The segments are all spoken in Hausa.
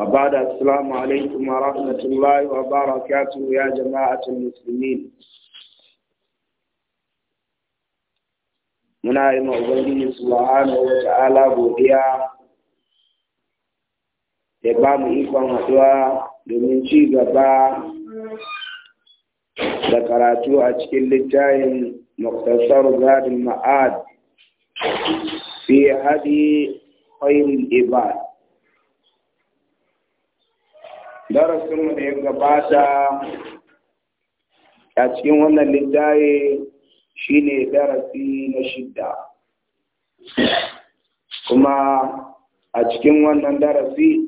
Ka bada alaikum mahalin ki mara na ya jama'a tunanin musulmin. Muna yi wurin yin zuwa hannu da ala godiya, da ba mu ikon haɗuwa domin ci gaba da karatu a cikin littafin masassarar gari ma'ad fiye had yi ibad. darasinmu da ya gabata a cikin wannan littaye shi ne darasi na shidda kuma a cikin wannan darasi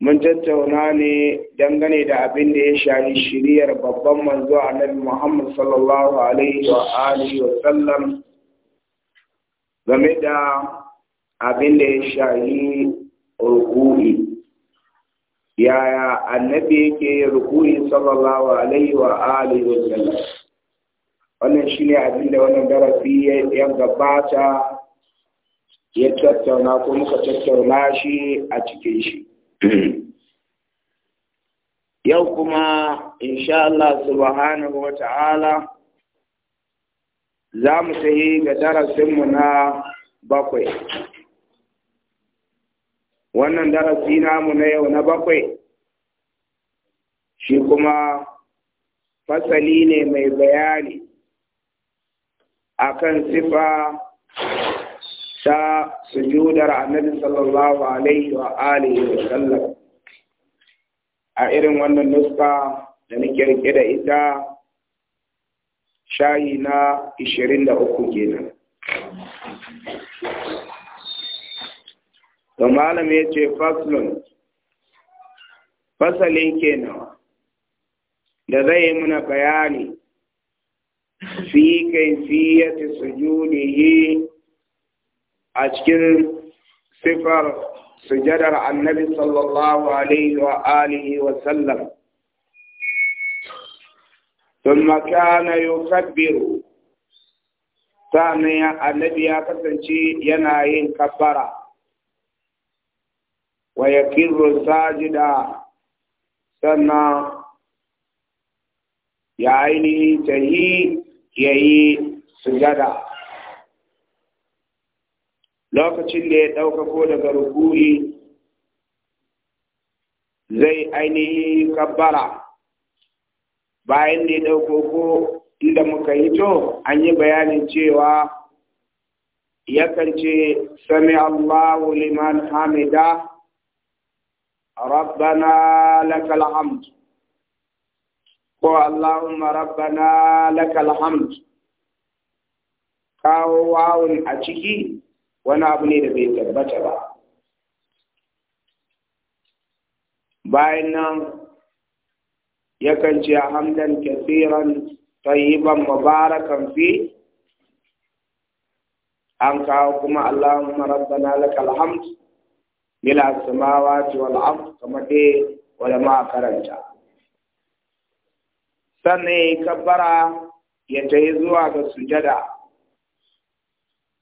mun tattauna ne dangane da abin da ya shayi shiriyar babban manzo annabi Muhammad sallallahu alaihi wa alihi wa sallam game da abin da ya shayi ruku'i yaya annabi yake yin rukuni sallallahu alaihi wa alihi wa sallam wannan shine abin da wannan darasi ya gabata ya tattauna ko muka tattauna shi a cikin shi yau kuma insha Allah subhanahu wa ta'ala za mu sayi ga darasinmu na bakwai wannan darasi namu na yau na bakwai shi kuma fasali ne mai bayani A kan sifa ta sujudar annabi sallallahu alaihi wa alihi wa sallam a irin wannan nuska da na rike ita shayi na 23 kenan تمال می چې فصل فصل کې نو د دایمنه بیان فی کیفیت سجوده اچکل صفر سجد عن النبي صلى الله عليه وآله وسلم ثم كان يكبر ثانيا النبي أكثر شيء ينعين كبره waya yakirru sajida sannan ya ainihi tahi yayi sujada lokacin da ya ɗaukako daga rukuri zai ainihi kabbara bayan da ya ko inda muka yi to? an yi bayanin cewa yakan ce sami Allahu liman hamida ربنا لك الحمد ko Allahumma rabbana lakal hamd kawo wawun a ciki wani abu ne da bai tabbata ba bayan nan yakan ce hamdan kasiran tayyiban mubarakan fi an kawo kuma Allahumma rabbana lakal hamd bil samawati wal ard kamar dai wala ma karanta sannan kabbara ya yi zuwa ga sujada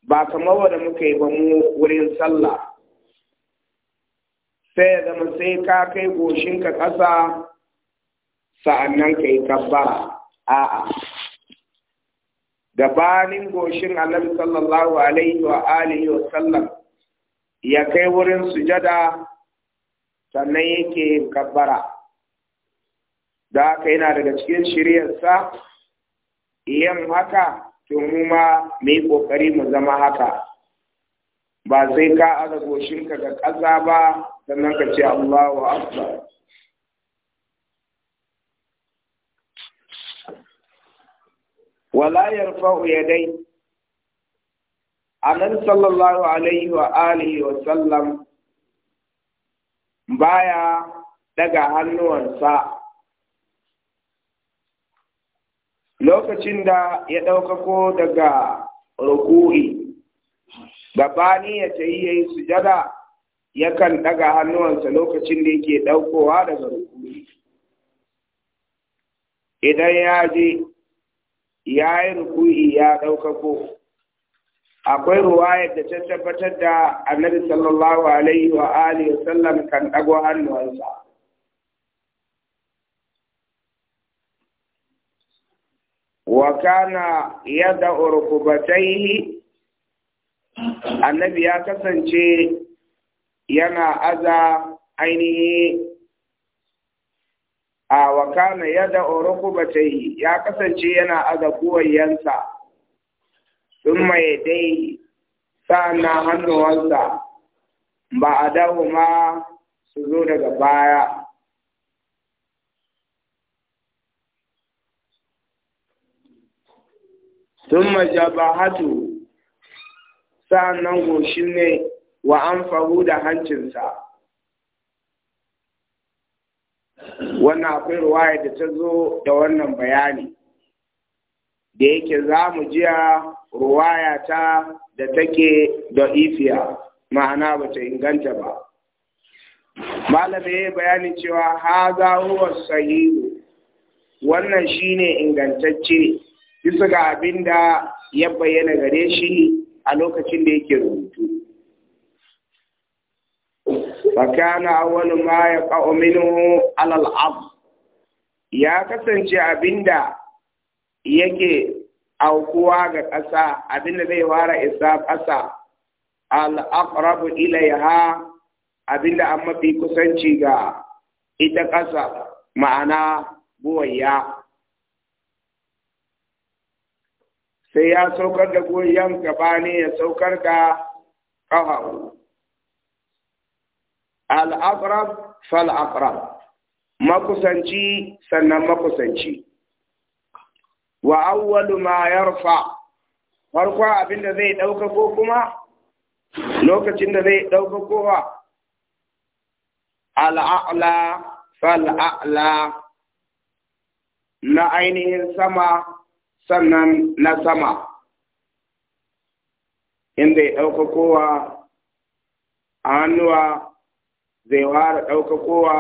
ba kamar wanda muka yi ba mu wurin sallah sai ya zama sai ka kai goshin ka ƙasa sa'annan ka yi kabbara a'a gabanin goshin annabi sallallahu alaihi wa alihi wa sallam ya kai wurin sujada sannan yake kabbara da haka yana daga cikin shiryarsa yin haka to mu ma mai ƙoƙari mu zama haka ba sai ka aza goshinka ga ƙasa ba sannan ka ce Allahu Akbar wala yarfa'u yadai annabi sallallahu alaihi wa alihi wa sallam baya daga hannuwansa lokacin da ya ɗaukako daga ruku'i gabani ya ta yi ya sujada yakan ɗaga hannuwansa lokacin da yake ɗaukowa daga ruku'i idan ya je ya yi ruku'i ya ɗaukako akwai ruwaya da ta tabbatar da annabi sallallahu alaihi wa alihi wa sallam kan dago hannuwansa wa kana yada urkubataihi annabi ya kasance yana aza ainihi a wa kana yada urkubataihi ya kasance yana aza kuwayensa sun mai dai sa'annan hannuwansa ba a dawo ma su zo daga baya sun majabahatu sa'annan goshi ne wa an faru da hancinsa wannan akwai ruwaya da ta zo da wannan bayani da yake za mu jiya ruwaya ta da take da ifiya ma'ana ba ta inganta ba malamai bayani cewa za huwa sahihu wannan shi ne ingantacce bisa ga abin da ya bayyana gare shi a lokacin da yake rubutu fakana wani ma ya alal ab ya kasance abinda yake aukuwa ga ƙasa abinda zai fara isa ƙasa al'aqrabu ilaiha abinda an mafi kusanci ga ita ƙasa ma'ana buwayya sai ya saukar da goyon gaba ne ya saukar da ƙafafu al'aqrab fal'aqrab makusanci sannan makusanci wa awwalu ma yarfa farko abinda zai dauka ko kuma lokacin da zai dauka kowa al'a'la fal'a'la na ainihin sama sannan na sama inda ya dauka kowa a hannuwa zai ware dauka kowa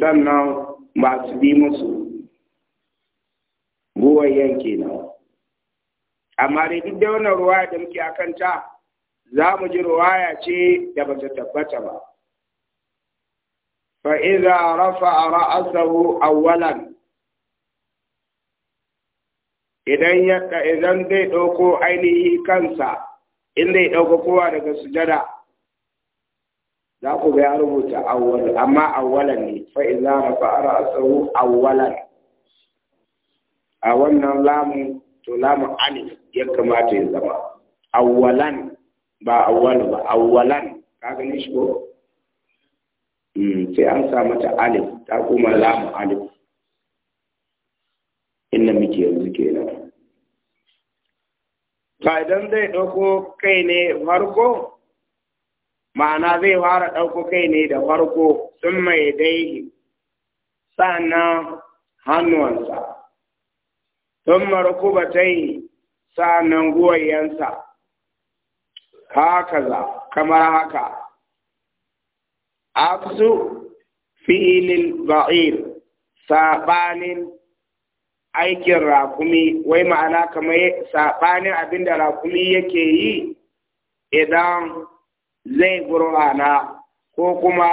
sannan masu bi musu buwayen kenan amma dai duk da wannan ruwaya da muke akan ta za mu ji ruwaya ce da ba ta tabbata ba fa idza rafa'a ra'sahu awwalan idan ya idan zai dauko ainihi kansa in zai dauko kowa daga sujada za ku ga ya rubuta awwal amma awwalan ne fa idza rafa'a ra'sahu awwalan a wannan lamun to lamun alif ya kamata ya zama awwalan ba awwalu ba awwalan ka gane shi ko hmm, sai an sa mata alif ta kuma lamu alif inda muke yanzu kenan ta idan zai ɗauko kai ne farko ma'ana zai fara ɗauko kai ne da farko sun mai daihi sannan hannuwansa sun marukubatai sa'annan guwayensa haka za kamar haka aksu Filin ba'ir saɓanin aikin rakumi wai ma'ana kamar saɓanin abin da rakumi yake yi idan zai gurana ko kuma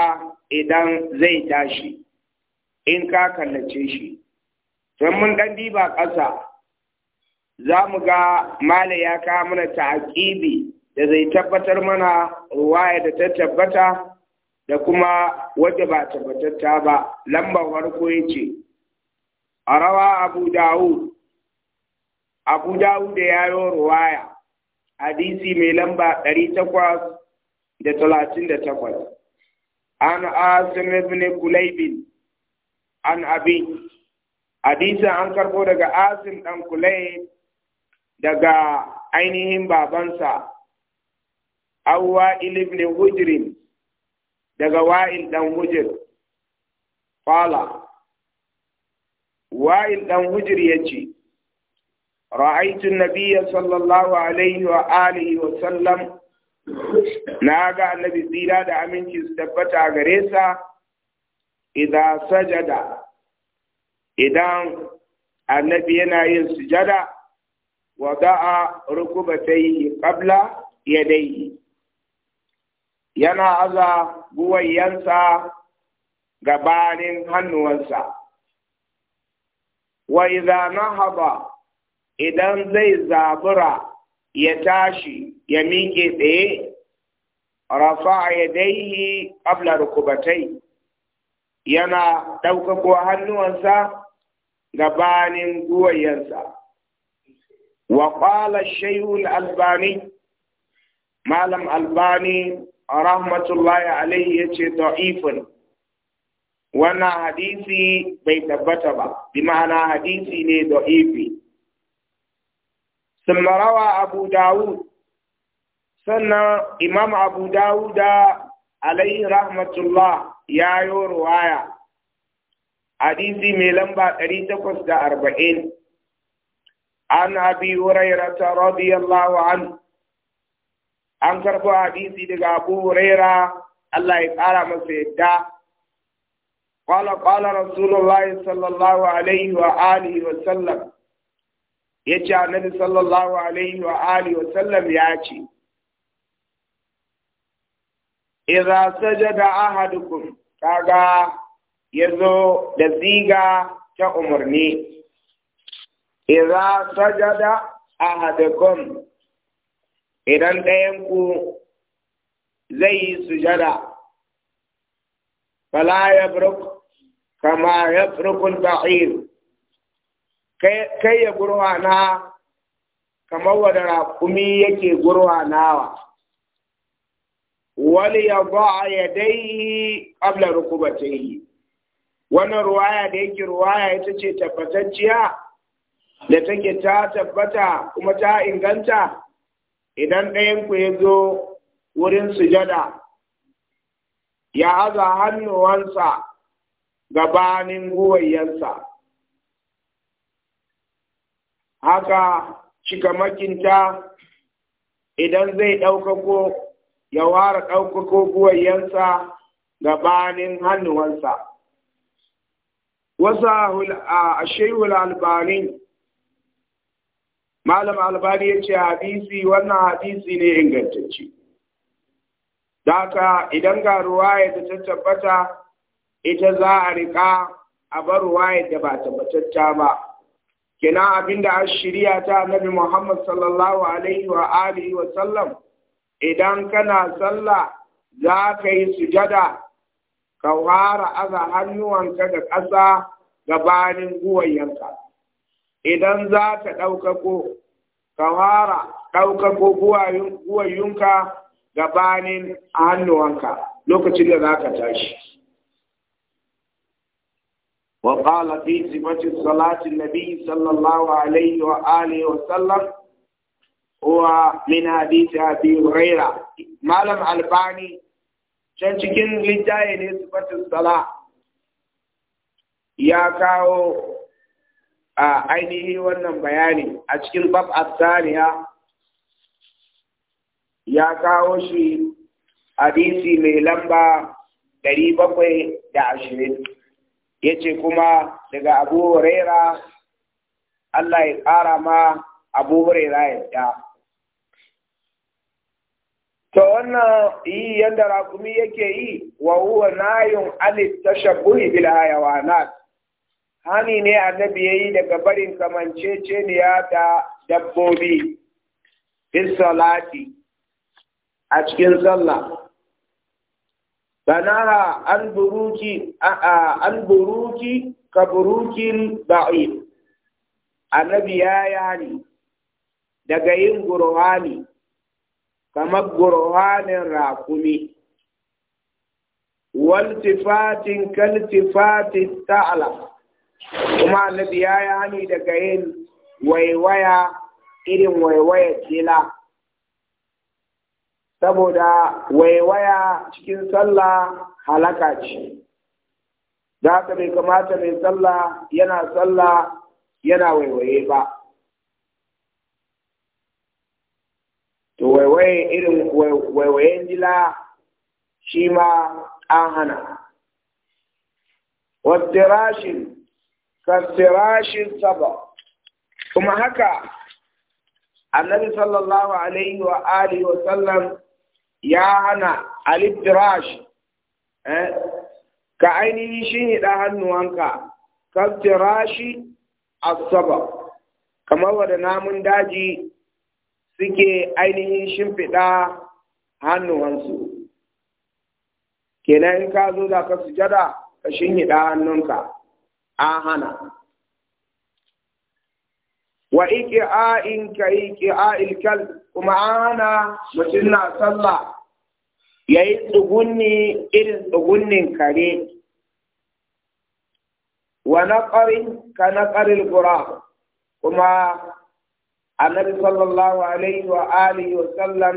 idan zai tashi in ka kallace shi don mun ɗan diba ƙasa za mu ga mala ya kawo mana ta'aqibi da zai tabbatar mana ruwaya da ta tabbata da kuma wadda ba tabbatatta ba lambar farko ya ce a rawa abu dawud abu dawud da yayo ruwaya hadisi mai lamba ɗari takwas da talatin da takwas an asim ibn kulaibin an abin. hadisi an karbo daga asim dan kulai daga ainihin babansa awwa ibn hujrin daga wa'il dan hujir Fala. wa'il dan hujir yace ra'aytu Ra'aitun nabiyya sallallahu alaihi wa alihi wa sallam na ga annabi tsira da aminci su tabbata gare sa idan sajada idan annabi yana yin sujada wada'a rukubatayhi qabla yadayhi yana aza buwayansa gabanin hannuwansa wa idza nahaba idan zai zabura ya tashi ya miƙe tsaye rafa yadayhi qabla rukubatai yana ɗaukako hannuwansa gabanin guwayensa wa qala shaykhul albani malam albani rahmatullahi alaihi yace da'ifun wannan hadisi bai tabbata ba bi hadisi ne da'ifi ثم روى أبو sannan imam abu dawuda alaihi rahmatullah ya yi ruwaya hadisi mai lamba ɗari takwas da arba'in an abi huraira ta radiyallahu an an karɓo hadisi daga abu huraira Allah ya ƙara masa yadda qala qala rasulullahi sallallahu alaihi wa alihi wa sallam yace annabi sallallahu alaihi wa wa sallam ya ce idza sajada ahadukum kaga ya zo da siga ta umarni idza sajada ahadukum idan ɗayan ku zai yi sujada fala ya kama yabrukul ba'ir kai ya gurwana kamar wadda raƙumi yake gurwanawa wali ya ba a yadaihi ƙabla rukubatayi wannan ruwaya da yake ruwaya ita ce tabbatacciya da take ta tabbata kuma ta inganta idan ɗayan ku ya zo wurin sujada ya aza hannuwansa gabanin guwayensa haka cikamakinta idan zai ɗaukako ya ware ɗaukako guwayensa gabanin hannuwansa wasahu ashayul albani malam albani yace hadisi wannan hadisi ne ingantacce ka, idan ga ruwaya da ta tabbata ita za a riƙa a bar ruwaya da ba tabbatatta ba kina abinda an shirya ta annabi Muhammad sallallahu alaihi wa wa sallam idan kana sallah za ka yi sujada ka wara aza hannuwanka da ƙasa gabanin guwayenka idan za ka ɗaukako ka wara ɗaukako guwayunka gabanin hannuwanka lokacin da za ka tashi وقال في صفة صلاة النبي صلى الله عليه وآله وسلم هو من حديث أبي هريرة ما لم ألباني can cikin littaye ne sifatin sala ya kawo a ainihi wannan bayani a cikin bab asaniya ya kawo shi hadisi mai lamba ɗari bakwai da ashirin ya ce kuma daga abu huraira Allah ya ƙara ma abu huraira ya To wannan yi yadda raƙumi yake yi wa huwa nayun alif tashabbuhi bil hayawanat. Hani ne annabi yayi daga barin kamanceceniya da dabbobi. Fil salati a cikin sallah. Sanaha an buruki an buruki ka Annabi ya yani daga yin gurwani kamar gurhanin rakumi waltifatin kaltifatin ta'ala kuma annabi ya yi hani daga yin waiwaya irin waiwaya tila saboda waiwaya cikin sallah halaka ce da haka bai kamata mai sallah yana sallah yana waiwaye ba waiwaye irin waiwayen jila shi ma an hana wasirashin kasirashin saba kuma haka annabi sallallahu alaihi wa alihi wa sallam ya hana aliftirash eh, ka ainihi shi ne ɗan hannuwanka a saba, kamar wada namun daji suke ainihin shimfiɗa hannuwansu kenan in ka zo da ka sujada ka shimfiɗa hannunka an hana wa in ka a ilkal kuma an hana mutum na sallah ya yi tsugunni irin tsugunnin kare wa naƙarin ka naƙarin gura kuma annabi sallallahu alaihi wa alihi wa sallam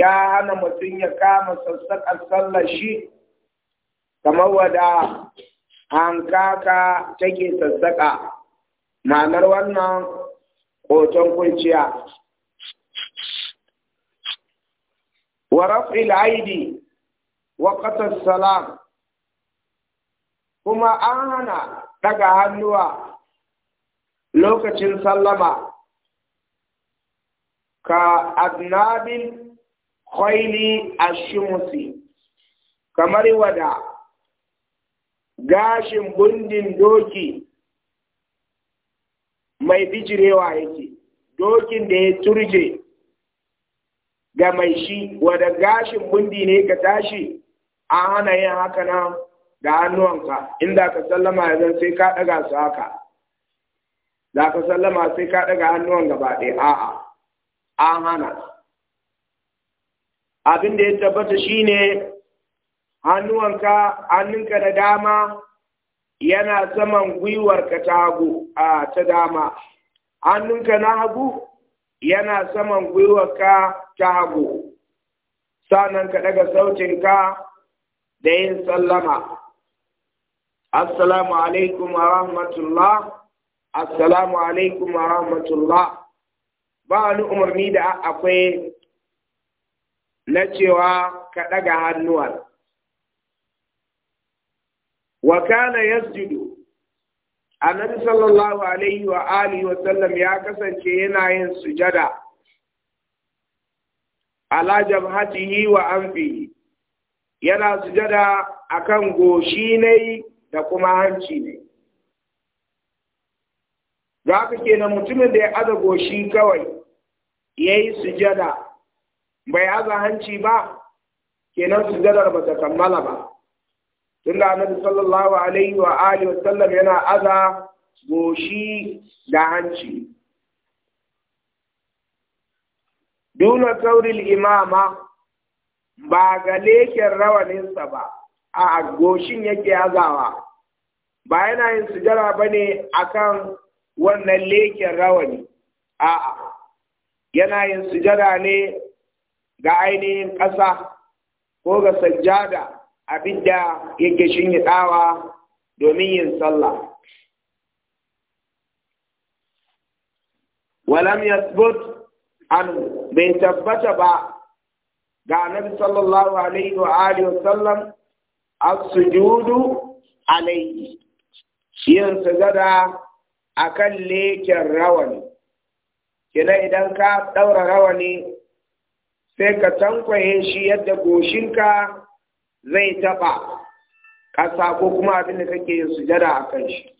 ya hana mutum ya kama sassaƙar sallar shi kamar wada hankaka take sassaƙa ma'anar wannan hoton kunciya wa raf'il aidi wa qatas salam kuma an hana daga hannuwa lokacin sallama ka adnabin khayli ashumsi kamar wada gashin bundin doki mai bijirewa yake dokin da ya turje ga mai shi wada gashin bundi ne ka tashi an hana yin haka nan da hannuwanka inda ka sallama ya zan sai ka ɗaga su haka Da ka sallama sai ka ɗaga hannuwan gaba ɗaya a'a amana abin da ya tabbata shine hannuwanka hannunka da dama yana saman gwiwarka ta hagu a ta dama hannunka na hagu yana saman gwiwarka ta hagu sannan ka daga sautinka da yin sallama assalamu alaikum wa rahmatullah assalamu alaikum wa rahmatullah ba wani umarni da akwai na cewa ka ɗaga hannuwan. Wa kana yasjudu annabi sallallahu alaihi wa alihi wa sallam ya kasance yana yin sujada ala jabhatihi wa anfihi yana sujada a kan goshi ne da kuma hanci ne da haka kenan mutumin da ya aza goshi kawai ya yi sujada bai haza hanci ba kenan sujadar ba ta kammala ba tunda annabi sallallahu alaihi wa alihi wa sallam yana aza goshi da hanci duna tauril imama ba ga leken rawaninsa ba a goshin yake azawa ba yana yin sujada ba ne akan wannan leken rawani a'a yana yin sujada ne ga ainihin ƙasa ko ga sajjada abinda yake shinyidawa domin yin sallah walam yasbut an bai tabbata ba ga anabi sallallahu alaihi wa alihi wa sallam as-sujudu alaihi yin sujada akan leken rawani kenan idan ka ɗaura rawani sai ka tankwaye shi yadda goshinka zai taɓa ƙasa ko kuma abin da kake yin sujada a kan shi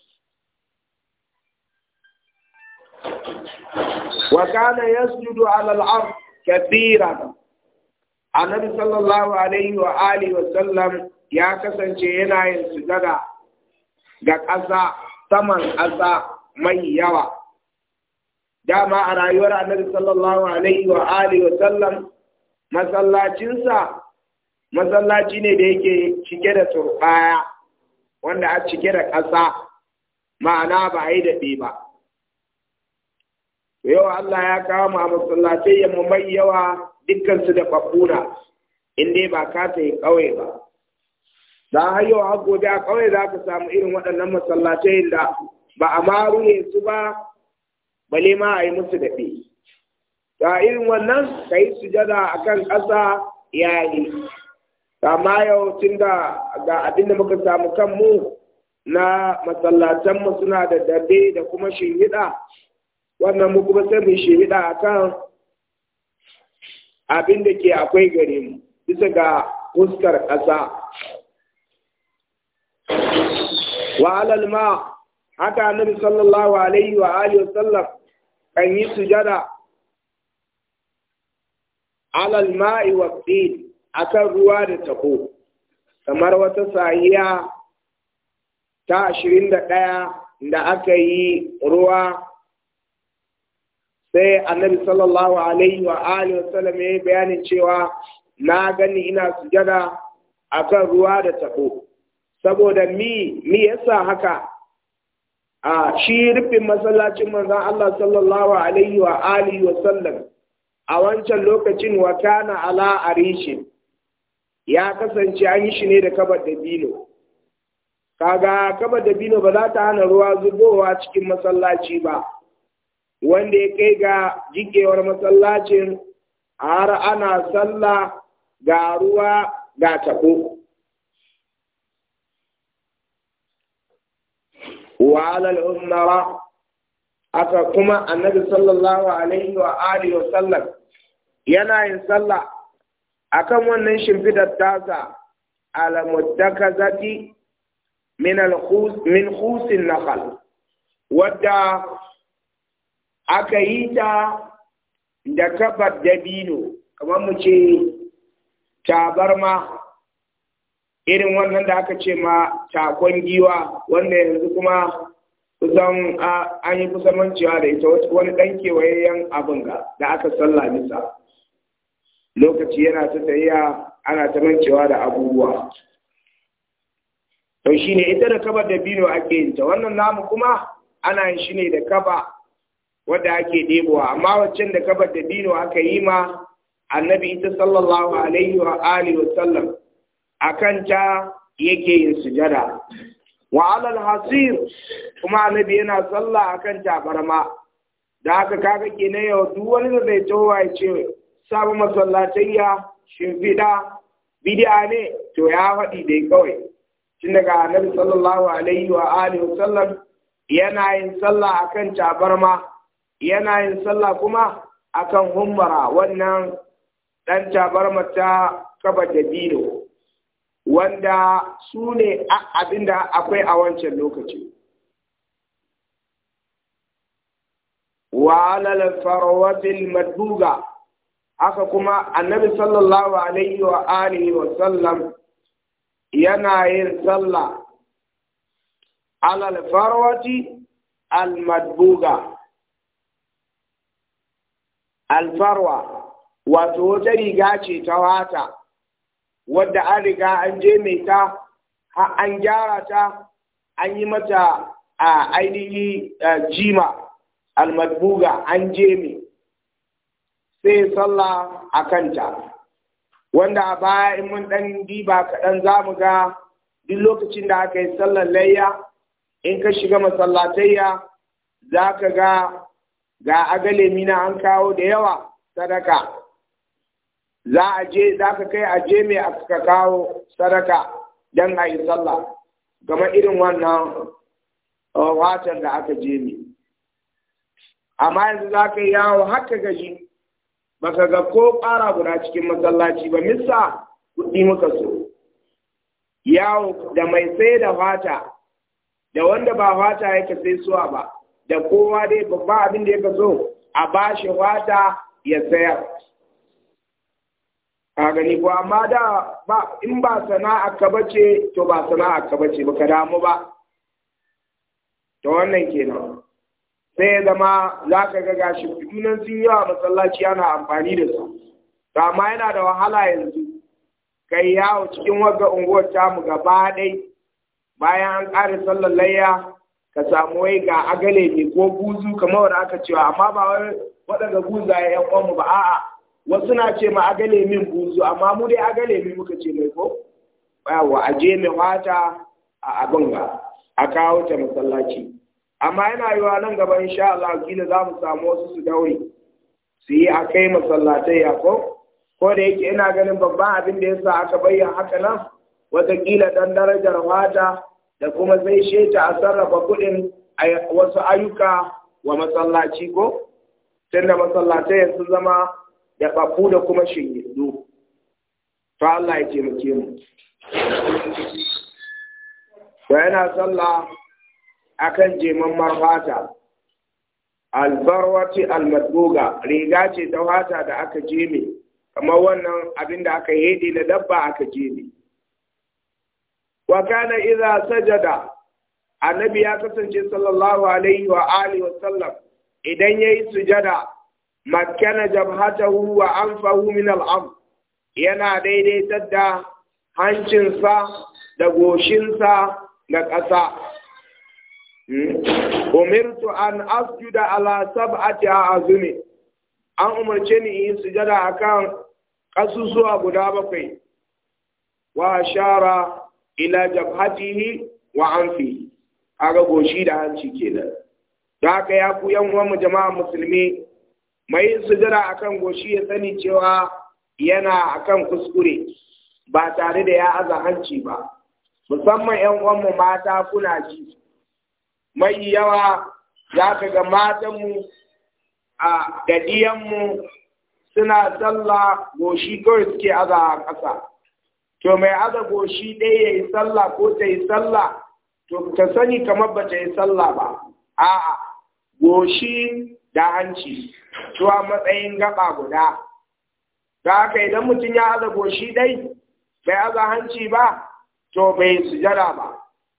wa kana yasjudu ala al-ard kathiran annabi sallallahu alaihi wa alihi wa sallam ya kasance yana yin sujada ga ƙasa saman ƙasa mai yawa dama a rayuwar annabi sallallahu alaihi wa alihi wa sallam masallacinsa masallaci ne da yake cike da turbaya wanda a cike da ƙasa ma'ana ba a yi daɗe ba yau Allah ya kawo mu a masallatai ya mu mai yawa dukkansu da babura in ba ka ta yi kawai ba za a yau har gobe a ƙauye za ka samu irin waɗannan masallacin da ba a maru ne su ba bale ma a yi musu daɗe ta irin wannan ka yi sujada a kan ƙasa Ta ma yau tun da ga abin da muka samu kanmu na masallatanmu suna da daɗe da kuma shirida, wannan mu kuma sai mu shirida a kan abin da ke akwai gare mu bisa ga fuskar ƙasa wa ma haka annabi sallallahu alaihi wa alihi sallam An yi sujada alal ma'i akan ruwa da tako kamar wata sahiya ta ashirin da ɗaya da aka yi ruwa sai annabi sallallahu alaihi wa alihi wa sallam ya yi bayanin cewa na gani ina sujada akan ruwa da tako saboda mi mi yasa haka a shi rufin masallacin manzan Allah sallallahu alaihi wa alihi wa sallam a wancan lokacin wa kana ala arishin ya kasance an yi shi ne da kabar da bino kaga kabar da bino ba za ta hana ruwa zubowa cikin masallaci ba wanda ya kai ga jikewar masallacin har ana sallah ga ruwa ga tabo wa alal umara kuma annabi sallallahu alaihi wa wa sallam yana yin sallah akan wannan shimfidar tasa ala muttakazati min al min khusin nakhal wadda aka yi ta da kabar dabino kamar muke ce tabarma irin wannan da aka ce ma takon giwa wanda yanzu kuma kusan an yi kusan mancewa da ita wani ɗan kewayayyen abin ga da aka sallah nisa lokaci yana ta tsayiya ana ta mancewa da abubuwa to ne ita da kaba da bino ake yin ta wannan namu kuma ana yin shi ne da kaba wadda ake ɗebowa amma waccan da kaba da bino aka yi ma annabi ita sallallahu alaihi wa alihi wa sallam akan ta yake yin sujada wa alal hasir kuma annabi yana sallah akan tabarma da haka kaga kenan yau duk wani da zai towa ya ce sabu masallatayya shimfiɗa bid'a ne to ya faɗi dai kawai tun daga annabi sallallahu alaihi wa alihi sallam yana yin sallah akan tabarma yana yin sallah kuma akan hummara wannan dan tabarma ta kafa jabiru. wanda su ne abinda akwai a wancan lokaci wa alal farwatil aka haka kuma annabi sallallahu alaihi wa alihi wa sallam yana yin sallah alal farawati al Maduga. al farwa wato wata riga ce ta wata wadda an riga an je mai ta an gyara ta an yi mata a ainihi jima almadbuga an je mai sai sallah a kanta wanda a baya in mun dan diba kaɗan za mu ga duk lokacin da aka yi sallar layya in ka shiga masallatayya za ka ga ga agalemi na an kawo da yawa sadaka za a je za ka kai a je mai aka kawo sadaka don a yi sallah game irin wannan uh, watan da aka je mai amma yanzu za ka yawo haka gaji ba ka ga ko ƙara guda cikin masallaci ba misa kuɗi muka so yawo da mai sai da fata da wanda ba fata yake sai suwa ba da kowa dai babba abin da yake so a ba shi fata ya sayar a gani ko amma da ba in ba sana'a ka bace to ba sana'a ka bace ka damu ba to wannan kenan sai ya zama za ka ga gashi kudunan sun yi wa masallaci ana amfani da su to amma yana da wahala yanzu kai yawo cikin wagga unguwar tamu gaba ɗai bayan an ƙara sallar layya ka samu wai ga agale ne ko buzu kamar aka cewa amma ba wai waɗanda buzaye ya mu ba a'a wasu na ce ma agale min buzu amma mu dai agale min muka ce mai ko yawa a je mai wata a abin ga a kawo ta masallaci amma yana yiwa nan gaba insha Allah kila za mu samu wasu su dawai su yi a kai masallatai ya ko ko da yake ina ganin babban abin da yasa aka bayyana haka nan watakila dan darajar wata da kuma zai sheta a sarrafa kuɗin wasu ayyuka wa masallaci ko tunda masallatai sun zama da babu da kuma shingiddu to Allah ya taimake mu to yana sallah akan jeman marfata albarwati almadbuga riga ce ta wata da aka jeme kamar wannan abin da aka hede na dabba aka jeme wa kana idza sajada annabi ya kasance sallallahu alaihi wa alihi wa sallam idan yayi sujada makkana jabhatahu wa anfahu min al yana daidaita da hancinsa da goshinsa na ƙasa umirtu an asjuda ala sab'ati azumi an umarce ni in sujada akan ƙasusuwa guda bakwai wa shara ila jabhatihi wa anfi kaga goshi da hanci kenan da haka ya ku yan uwan jama'a musulmi mai sujada akan goshi ya sani cewa yana akan kuskure ba tare da ya aza hanci ba musamman yan uwanmu mata kuna ji mai yawa za ka ga matanmu a gadiyan mu suna sallah goshi kawai suke aza a ƙasa to mai aza goshi ɗaya ya yi sallah ko ta yi sallah to ta sani kamar ba ta yi sallah ba a'a goshi da hanci zuwa matsayin gaba guda da kai idan mutum ya aza goshi dai bai aza hanci ba to bai sujada ba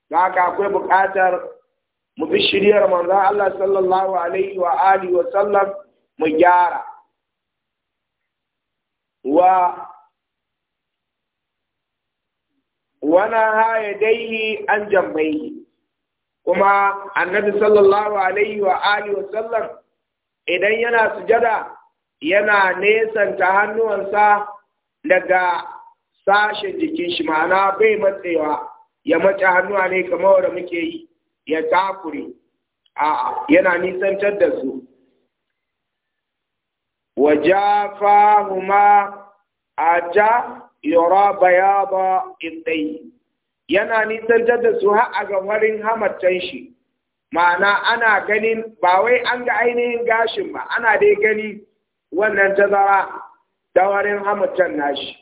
da ka akwai bukatar mu bi shiryar manzo Allah sallallahu alaihi wa alihi wa sallam mu gyara wa wana haya dai an jambai kuma annabi sallallahu alaihi wa alihi wa sallam idan yana sujada yana nesanta hannuwansa daga sashen jikin shi ma'ana bai matsewa ya mace hannuwa ne kamar da muke yi ya takure a' yana nisantar da su wajafahuma aja yura bayaba ibtai yana nisan da su har ga warin hamattan shi ma'ana ana ganin ba wai an ga ainihin gashin ba ana dai gani wannan tazara da warin hamattan nashi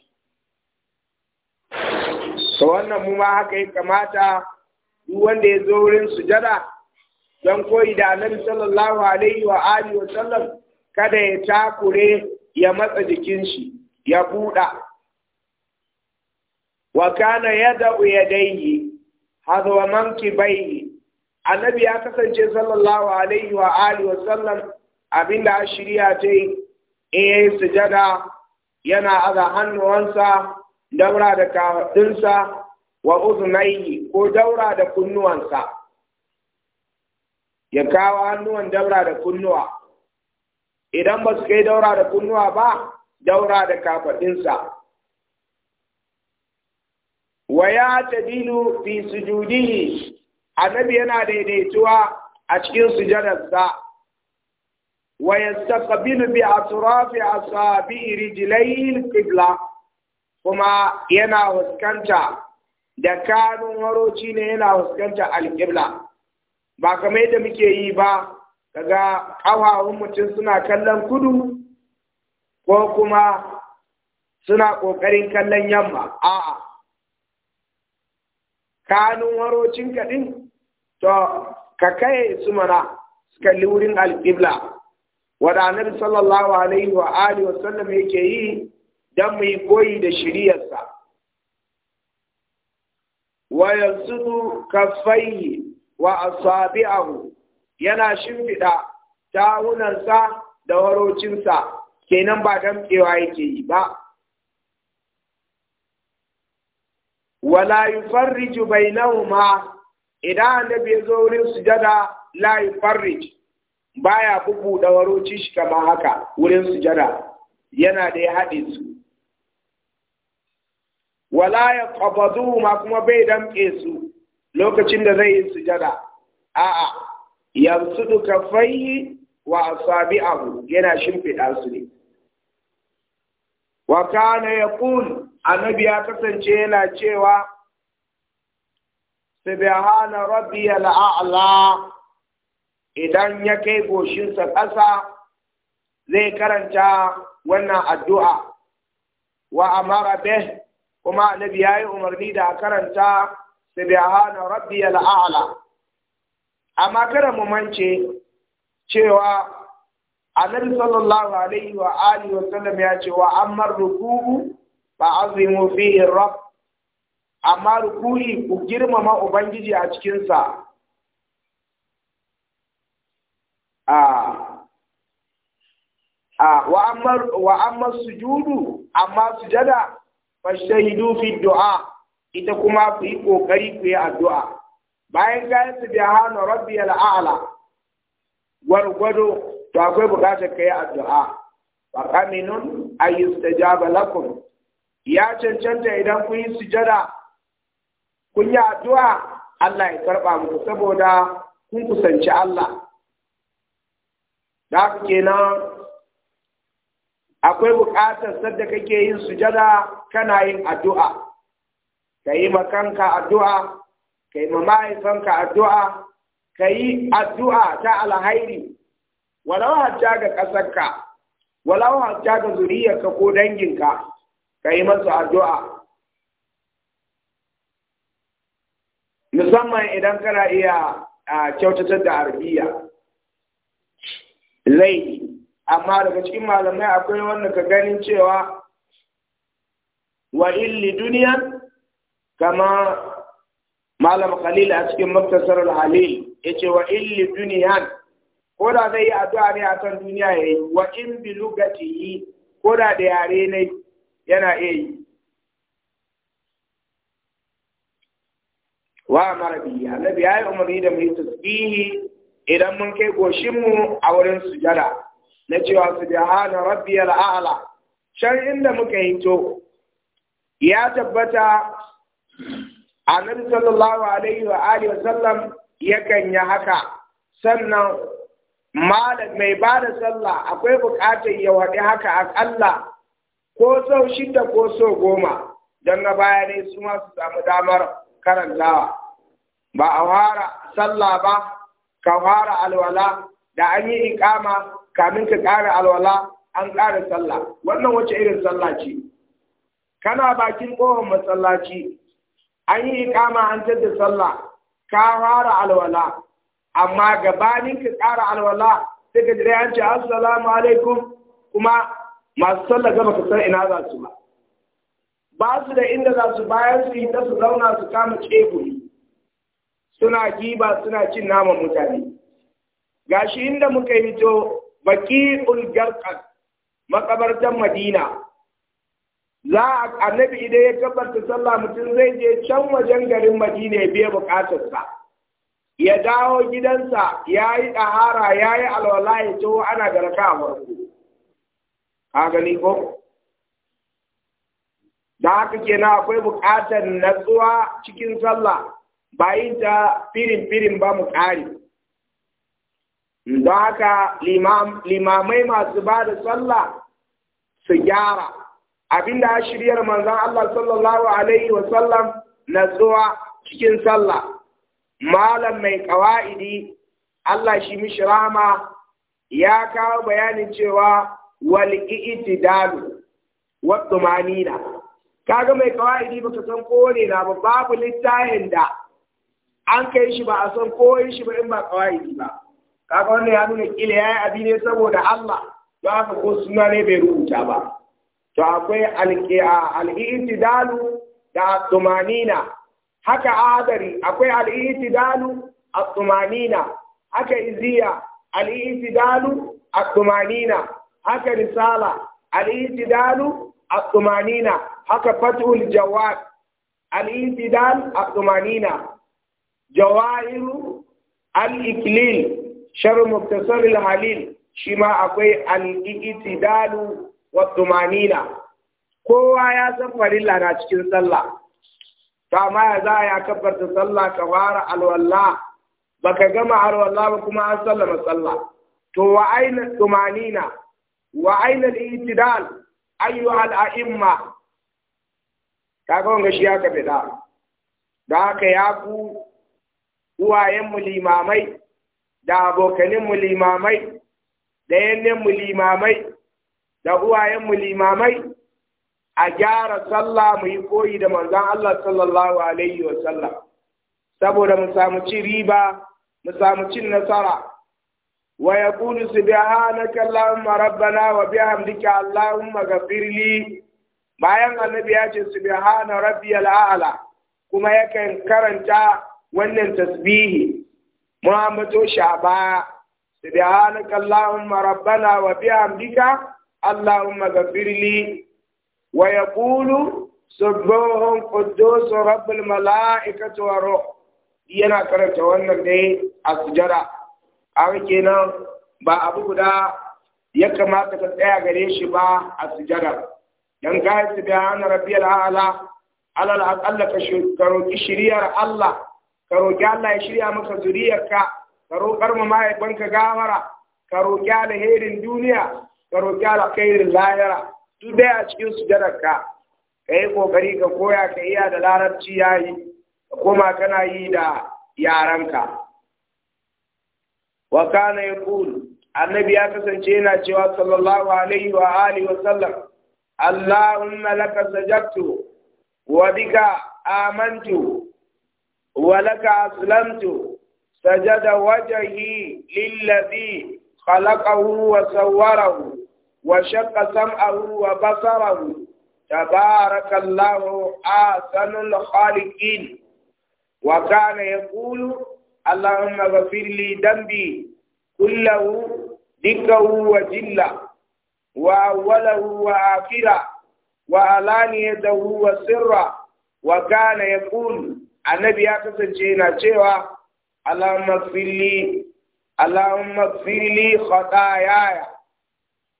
to wannan mu ma haka ya kamata duk wanda ya zo wurin sujada don koyi da annabi sallallahu alaihi wa alihi wa sallam kada ya takure ya matsa jikin shi ya buɗa ya wa kana yada'u yadayhi hadwa mankibaihi annabi ya kasance sallallahu alaihi wa alihi wa sallam abinda a shirya ta yi in yayi sujada yana aza hannuwansa daura da kafadunsa wa uzunaihi ko daura da kunnuwansa ya kawo hannuwan daura da kunnuwa idan ba su kai daura da kunnuwa ba daura da kafadunsa wa ya tadilu fi sujudihi annabi yana daidaituwa a cikin sujadarsa wa yastaqbilu bi atrafi asabi rijlaihi al-qibla kuma yana huskanta da kanun waroci ne yana huskanta al-qibla ba kamar yadda muke yi ba kaga ƙawawun mutum suna kallon kudu ko kuma suna ƙoƙarin kallon yamma a'a kanun warocin ɗin to ka kai su mana suka wurin alƙibla Waɗannan annabi sallallahu alaihi wa alihi wa sallam yake yi dan mu yi koyi da shiriyarsa wa yansudu kaffaihi wa asabi'ahu yana shimfiɗa tawunansa da warocinsa kenan ba damƙewa yake yi ba wala yufarriju ma, idan annabi ya zo wurin sujada la yufarrij baya bugu da waroci shi kama haka wurin sujada yana da ya haɗe su wala ya ma kuma bai damƙe su lokacin da zai yi sujada a'a yansu duka fayi wa asabi abu yana shimfiɗa su ne wa kana yaqul ya kasance yana cewa subhana rabbiyal a'la idan ya kai goshinsa ƙasa zai karanta wannan addu'a wa amara bih kuma annabi yi umarni da a karanta subhana rabbiyal a'la amma kada mu mance cewa annabi sallallahu alaihi wa alihi wa sallam ya ce wa amma ruku'u fa azimu fihi rabb amma ruku'i ku girmama ubangiji a cikin sa a a wa amma wa amma sujudu amma sujada fa shahidu fi du'a ita kuma ku yi kokari ku yi addu'a bayan kayan subhana rabbiyal a'la gwargwado to akwai bukatar ka yi addu'a wa a ay ja lakum ya cancanta idan kun yi sujada kun yi addu'a Allah ya karɓa muku saboda kun kusanci Allah da kenan akwai buƙatar sadda kake yin sujada kana yin addu'a ka yi makanka addu'a ka yi ma mahaifanka addu'a ka yi addu'a ta alhairi walau hajja ga ƙasarka walau hajja ga zuriyarka ko danginka ka yi masu addu'a musamman idan kana iya kyautatar da arbiya. laifi amma daga cikin malamai akwai wanda ka ganin cewa wa illi duniya kama malam khalil a cikin muktasar halil ya ce wa illi duniyan ko da zai yi addu'a ne a kan duniya ya yi wa in bi lugatihi ko da da yare ne yana iya yi wa amara bihi annabi yayi umarni da mu yi tasbihi idan mun kai mu a wurin sujada na cewa subhana rabbiyal a'la shan inda muka yi to ya tabbata annabi sallallahu alaihi wa alihi wa sallam yakan yi haka sannan malam mai ba da sallah akwai bukatar ya waɗi haka aƙalla ko sau shida ko sau goma don na baya ne su ma su samu damar karantawa ba a fara sallah ba ka fara alwala da an yi iƙama kamin ka ƙara alwala an ƙara sallah wannan wace irin sallah ce kana bakin ƙofar masallaci an yi iƙama an tattar sallah ka fara alwala amma gabanin ka ƙara alwala sai ka jira yanci assalamu alaikum kuma masu sallah gaba ka san ina za su ba ba su da inda za su bayan su yi ta su zauna su kama ceburi suna giba suna cin naman mutane gashi inda muka yi to baki ulgarkar makabartan madina za a annabi idan ya kabbata sallah mutum zai je can wajen garin madina ya biya bukatarsa ya dawo gidansa ya yi ɗahara ya yi alwala ya wa ana garka a farko ka gani ko da haka kenan akwai buƙatar natsuwa cikin sallah bayin ta firin firin ba mu ƙari don haka limamai masu ba da sallah su gyara abinda shiryar manzan Allah sallallahu alaihi wa sallam natsuwa cikin sallah malam mai ƙawa'idi Allah shi mishi rama ya kawo bayanin cewa wal i'tidalu wa tumanina kaga mai ƙawa'idi baka san ne na ba babu littafin da an kai shi ba a san ko shi ba in ba kawa'idi ba kaga wannan ya nuna kila yayi abi ne saboda Allah ba ka ko suna ne bai rubuta ba to akwai al-i'tidalu da tumanina haka adari akwai al'itidalu a tsumanina haka iziya al'itidalu a tumanina haka risala al'itidalu a tumanina haka fatul jawad al'itidal a tumanina jawairu al-iklil sharh muktasar al-halil shi ma akwai al-itidalu wat kowa ya san farilla na cikin sallah ta ma ya za a ya ta sallah ka fara Ba ka gama alwala ba kuma an sallama sallah to wa aina tumanina wa aina al-i'tidal ayu al-a'imma ga wanga shi aka fi da haka ya ku uwayen mu limamai da abokanin mu limamai da yannen mu limamai da uwayen mu limamai a gyara sallah mu yi koyi da manzan Allah sallallahu alaihi wa sallam saboda mu samu ci riba mu samu cin nasara wa yaqulu subhanaka allahumma rabbana wa bihamdika allahumma ghafirli bayan annabi ya ce subhana rabbi al'ala kuma yakan karanta wannan tasbihi muhammadu shaba subhanaka allahumma rabbana wa bihamdika allahumma ghafirli ويقول سبوهم قدوس رب الملائكة والروح yana karanta wannan dai a sujara a kenan ba abu guda ya kamata ka tsaya gare shi ba a sujara dan kai da hana rabbiyal ala alal aqalla ka roki shiriyar Allah ka roki Allah ya shirya maka zuriyarka ka roƙar mu mahaifanka gawara ka roki alherin duniya ka roki alkhairin lahira duk dai a cikin sujadarka ka yi kokari ka koya ka iya da larabci ya yayi ka koma kana yi da yaranka wa kana kulu annabi ya kasance yana cewa sallallahu alaihi wa alihi wa sallam allahumma laka sajadtu wa bika amantu wa laka aslamtu sajada wajhi lilladhi khalaqahu wa sawwarahu وشق سمعه وبصره تبارك الله آسن الخالقين وكان يقول اللهم اغفر لي ذنبي كله دكه وجله وأوله وآخره وعلانيته وسره وكان يقول النبي أكسجينا شيوا اللهم اغفر لي اللهم اغفر لي خطاياي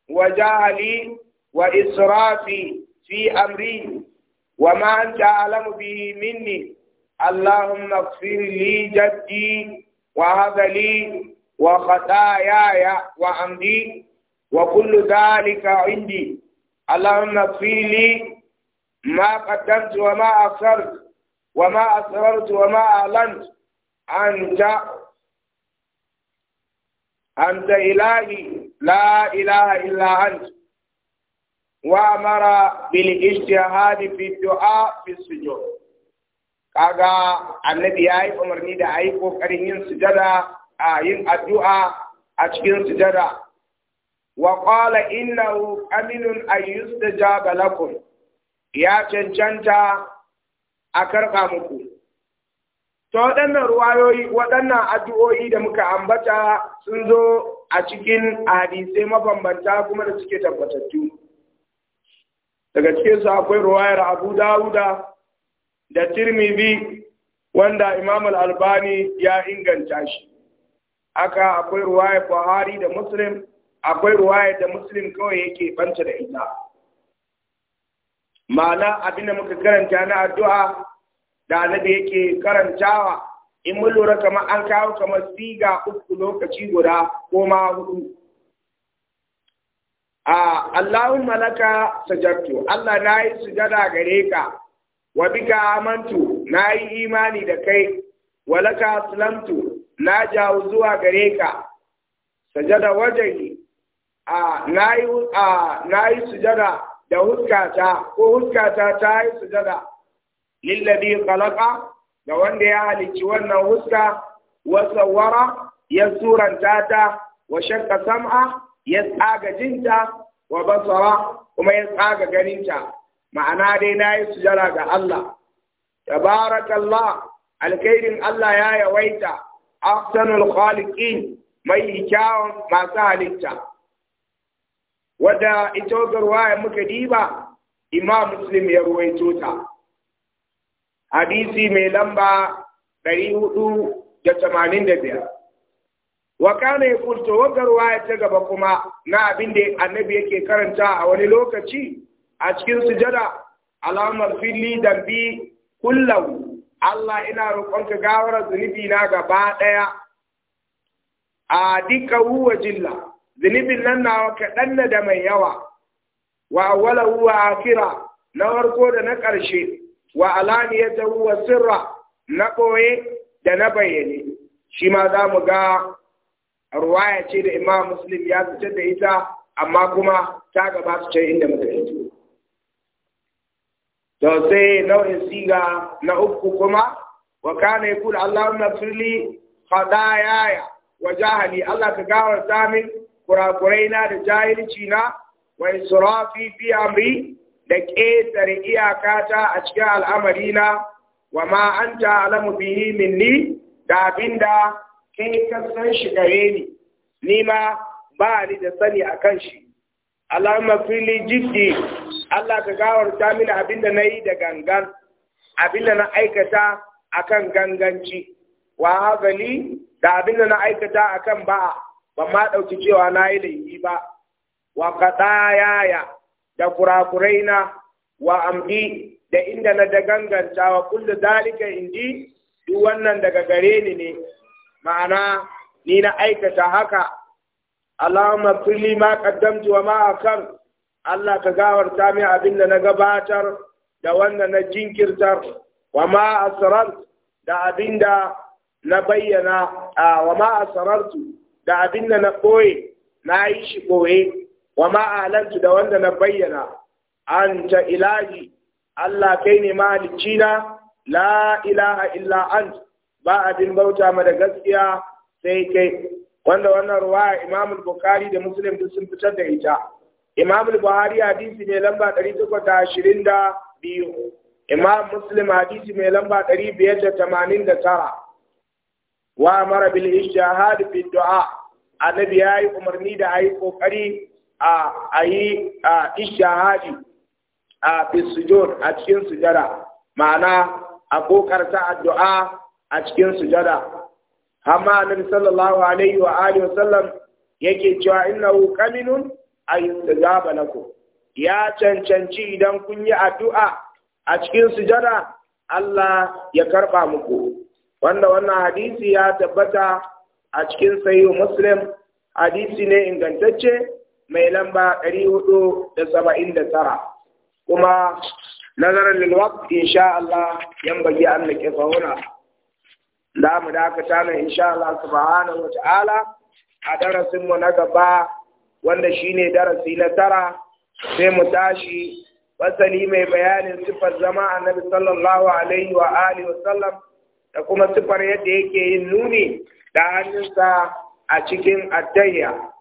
وجهلي وإسرافي في أمري وما أنت أعلم به مني اللهم اغفر لي جدي وهب لي وخطاياي وعمدي وكل ذلك عندي اللهم اغفر لي ما قدمت وما أخرت وما أسررت وما أعلنت أنت أنت إلهي لا إله wa أنت وأمر بالاجتهاد في الدعاء في السجود kaga annabi ya yi umarni da a yi ƙoƙarin yin sujada a yin addu'a a cikin sujada wa qala innahu qaminun an yustajaba lakum ya cancanta a karɓa muku Ta waɗannan ruwayoyi waɗannan addu'o'i da muka ambata sun zo a cikin hadisai mabambanta kuma da suke tabbatattu. Daga cikin su akwai ruwayar Abu Dawuda da Tirmidhi wanda Imam Al-Albani ya inganta shi. Aka akwai ruwayar Buhari da Muslim, akwai ruwayar da Muslim kawai yake banta da ita. Ma'ana abinda muka karanta na addu'a da annabi yake karantawa in mun lura kamar an kawo kamar siga uku lokaci guda ko ma hudu a Allahun malaka sajadtu Allah na yi sujada gare ka wa bika amantu yi imani da kai wa laka aslamtu na jawo zuwa gare ka sajada wajahi a yi a sujada da huskata ko huskata ta yi sujada lillabi khalaqa ga wanda ya halicci wannan huska wa sawwara ya suranta ta wa shakka sam'a ya tsaga jinta wa basara kuma ya tsaga ganinta ma'ana dai nayi sujara ga Allah tabarakallah alkhairin Allah ya yawaita ahsanul khaliqin mai kyawun masu halitta wadda ita garwaya muka diba imam muslim ya ruwaito ta hadisi mai lamba ɗari hudu da tamanin da biyar wa kana ya kulto wagarwa ya ta gaba kuma na abin da annabi yake karanta a wani lokaci a cikin sujada alamar fili dambi kullum. Allah ina roƙonka gawar zunubi na gaba ɗaya a duka huwa jilla zunubin nan na wa kaɗan da mai yawa wa wala huwa akira na farko da na ƙarshe wa alaniyatahu wa sirra na ɓoye da na bayyane shi ma za mu ga ruwaya ce da imam muslim ya fitar da ita amma kuma ta gabata ce inda muka fito to sai nau'in siga na uku kuma wa kana yaqul allahumma firli khadayaya wa jahali allah ka sami kurakurai na da jahilci na wa israfi fi amri da ƙetare iyakata a cikin al'amarina wa ma an alamu bihi minni da abin da kai ka san shi gare ni ni ma ba ni da sani a kan shi Allahumma fili jiki. Allah ka gawarta mini abin da na yi da gangan abin da na aikata akan ganganci wa hazali da abin da na aikata akan ba ba ma ɗauki cewa na yi laifi ba wa yaya da kurakurai na wa amdi da inda na da ganganta wa kullu dalika indi duk wannan daga gare ni ne ma'ana ni na aikata haka Allahumma kulli ma qaddamtu wa ma akhar Allah ka gawarta min abin da na gabatar da wanda na jinkirtar wa ma asrar da abin na bayyana wa ma asrartu da abinda na koye na yi shi koye wa ma'alantu da wanda na bayyana Anta ta ilahi Allah kai ne mahalicci na la ilaha illa an ba abin bauta ma da gaskiya sai kai wanda wannan ruwaya Imam Bukhari da Muslim duk sun fitar da ita Imam Al-Bukhari hadisi ne lamba 822 Imam Muslim hadisi mai lamba 589 wa amara bil ijtihad fi du'a annabi yayi umarni da ayi kokari a yi a ishahadi a bisujud a cikin sujada ma'ana a ta addu'a a cikin sujada amma annabi sallallahu alaihi wa alihi wasallam yake cewa innahu qabilun ayustajaba lakum ya cancanci idan kun yi addu'a a cikin sujada Allah ya karba muku wanda wannan hadisi ya tabbata a cikin sahih muslim hadisi ne ingantacce mai lamba ɗari hudu da saba'in da tara kuma nazarin lilwaq insha Allah yan bagi an da ke fauna da mu dakata na insha Allah subhanahu wa ta'ala a darasin mu na gaba wanda shi ne darasi na tara sai mu tashi fasali mai bayanin sifar zama annabi sallallahu alaihi wa alihi wa sallam da kuma sifar yadda yake yin nuni da hannunsa a cikin addayya